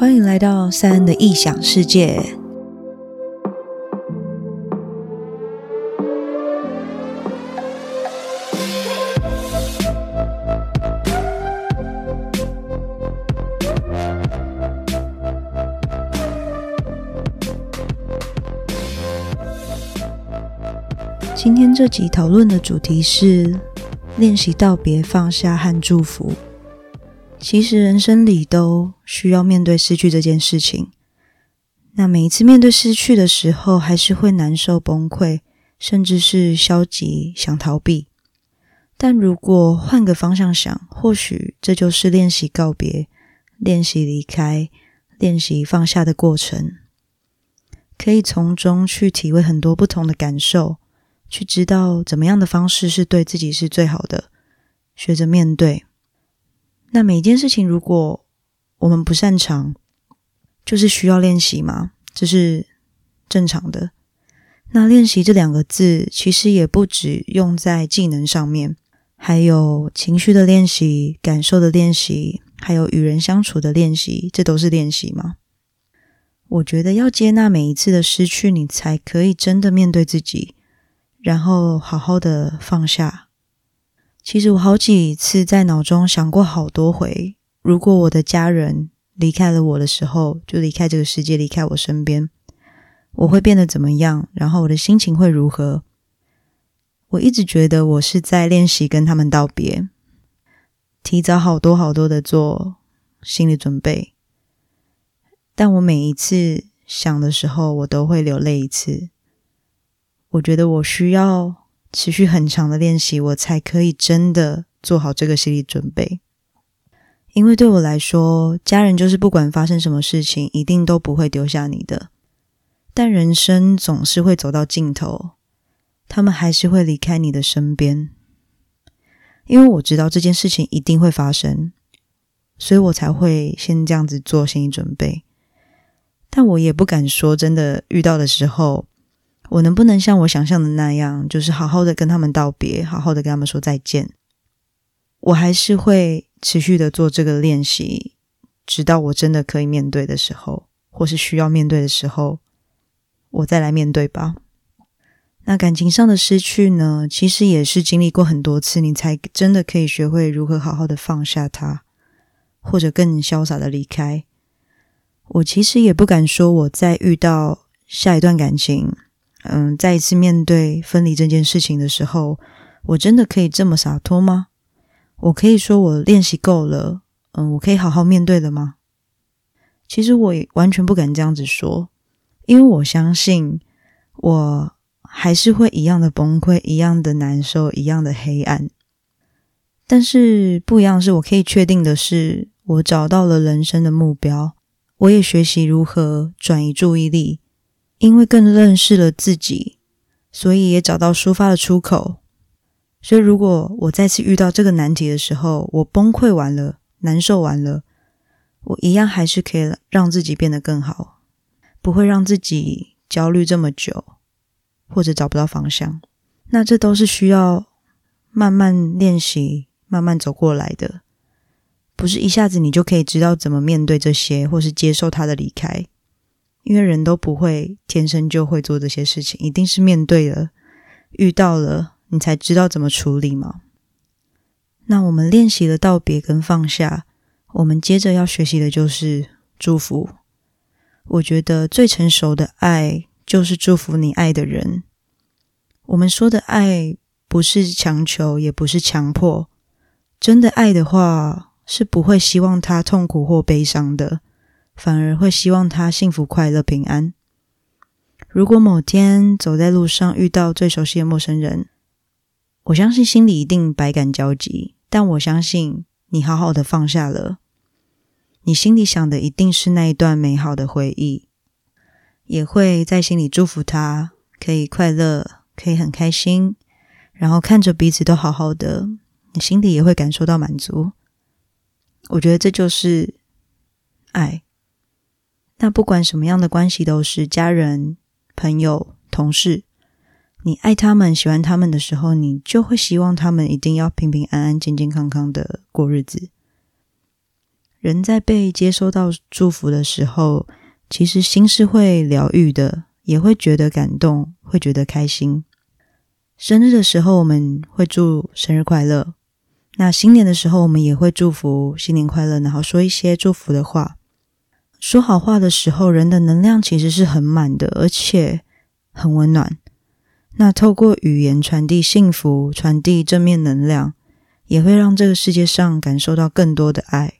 歡迎來到賽恩的異想世界。今天這集討論的主題是練習道別、放下和祝福。其實人生裡都需要面對失去這件事情。那每一次面對失去的時候，還是會難受、崩潰，甚至是消極、想逃避。但如果換個方向想，或許這就是練習告別、練習離開、練習放下的過程。可以從中去體會很多不同的感受，去知道怎麼樣的方式是對自己是最好的，學着面對。那每一件事情，如果我們不擅長，就是需要練習嘛，這是正常的。那練習這兩個字，其實也不止用在技能上面，還有情緒的練習、感受的練習，還有與人相處的練習，這都是練習嘛。我覺得要接納每一次的失去，你才可以真的面對自己，然後好好的放下。其實我好幾次在腦中想過好多回，如果我的家人離開了我的時候，就離開這個世界，離開我身邊，我會變得怎麼樣？然後我的心情會如何？我一直覺得我是在練習跟他們道別，提早好多好多的做心理準備，但我每一次想的時候，我都會流淚一次。我覺得我需要。持續很長的練習，我才可以真的做好這個心理準備。因為對我來說，家人就是不管發生什麼事情，一定都不會丟下你的。但人生總是會走到盡頭，他們還是會離開你的身邊。因為我知道這件事情一定會發生，所以我才會先這樣子做心理準備。但我也不敢說真的遇到的時候。我能不能像我想象的那樣，就是好好的跟他們道別，好好的跟他們說再見？我還是會持續的做這個練習，直到我真的可以面對的時候，或是需要面對的時候，我再來面對吧。那感情上的失去呢？其實也是經歷過很多次，你才真的可以學會如何好好的放下它，或者更瀟灑的離開。我其實也不敢說，我再遇到下一段感情。嗯，再一次面對分離這件事情的時候，我真的可以這麼灑脫嗎？我可以說我練習夠了，嗯，我可以好好面對了嗎？其實我也完全不敢這樣子說，因為我相信我還是會一樣的崩潰，一樣的難受，一樣的黑暗。但是不一樣是我可以確定的是，我找到了人生的目標，我也學習如何轉移注意力。因為更認識了自己，所以也找到抒發的出口。所以，如果我再次遇到這個難題的時候，我崩潰完了，難受完了，我一樣還是可以讓自己變得更好，不會讓自己焦慮這麼久，或者找不到方向。那這都是需要慢慢練習、慢慢走過來的，不是一下子你就可以知道怎麼面對這些，或是接受他的離開。因為人都不會天生就會做這些事情，一定是面對了、遇到了，你才知道怎麼處理嘛。那我們練習了道別跟放下，我們接着要學習的就是祝福。我覺得最成熟的愛就是祝福你愛的人。我們說的愛不是強求，也不是強迫，真的愛的話是不會希望他痛苦或悲傷的。反而會希望他幸福、快樂、平安。如果某天走在路上遇到最熟悉的陌生人，我相信心裡一定百感交集，但我相信你好好的放下了。你心裡想的一定是那一段美好的回憶，也會在心裡祝福他可以快樂，可以很開心，然後看着彼此都好好的，你心裡也會感受到滿足。我覺得這就是愛。那不管什麼樣的關係，都是家人、朋友、同事。你愛他們、喜歡他們的時候，你就會希望他們一定要平平安安、健健康康的過日子。人在被接收到祝福的時候，其實心是會療癒的，也會覺得感動，會覺得開心。生日的時候，我們會祝生日快樂；那新年的時候，我們也會祝福新年快樂，然後說一些祝福的話。說好話的時候，人的能量其實是很滿的，而且很溫暖。那透過語言傳遞幸福、傳遞正面能量，也會讓這個世界上感受到更多的愛。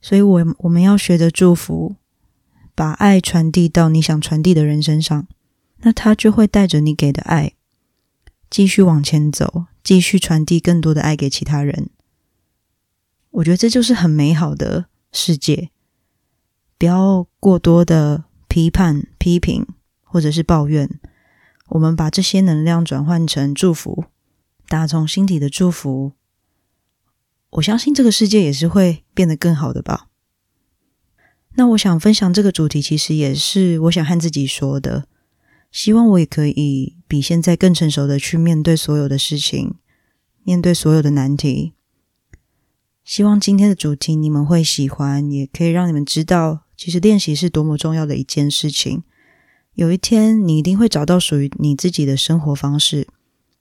所以我，我我們要學着祝福，把愛傳遞到你想傳遞的人身上，那他就會帶着你給的愛繼續往前走，繼續傳遞更多的愛給其他人。我覺得這就是很美好的世界。不要過多的批判、批評或者是抱怨，我們把這些能量轉換成祝福，打從心底的祝福。我相信這個世界也是會變得更好的吧。那我想分享這個主題，其實也是我想和自己說的，希望我也可以比現在更成熟的去面對所有的事情，面對所有的難題。希望今天的主題你們會喜歡，也可以讓你們知道。其實練習是多麼重要的一件事情。有一天，你一定會找到屬於你自己的生活方式，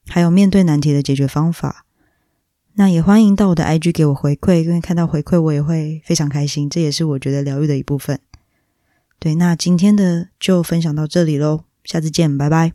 還有面對難題的解決方法。那也歡迎到我的 IG 給我回饋，因為看到回饋我也會非常開心。這也是我覺得療癒的一部分。對，那今天的就分享到這裡嘍，下次見，拜拜。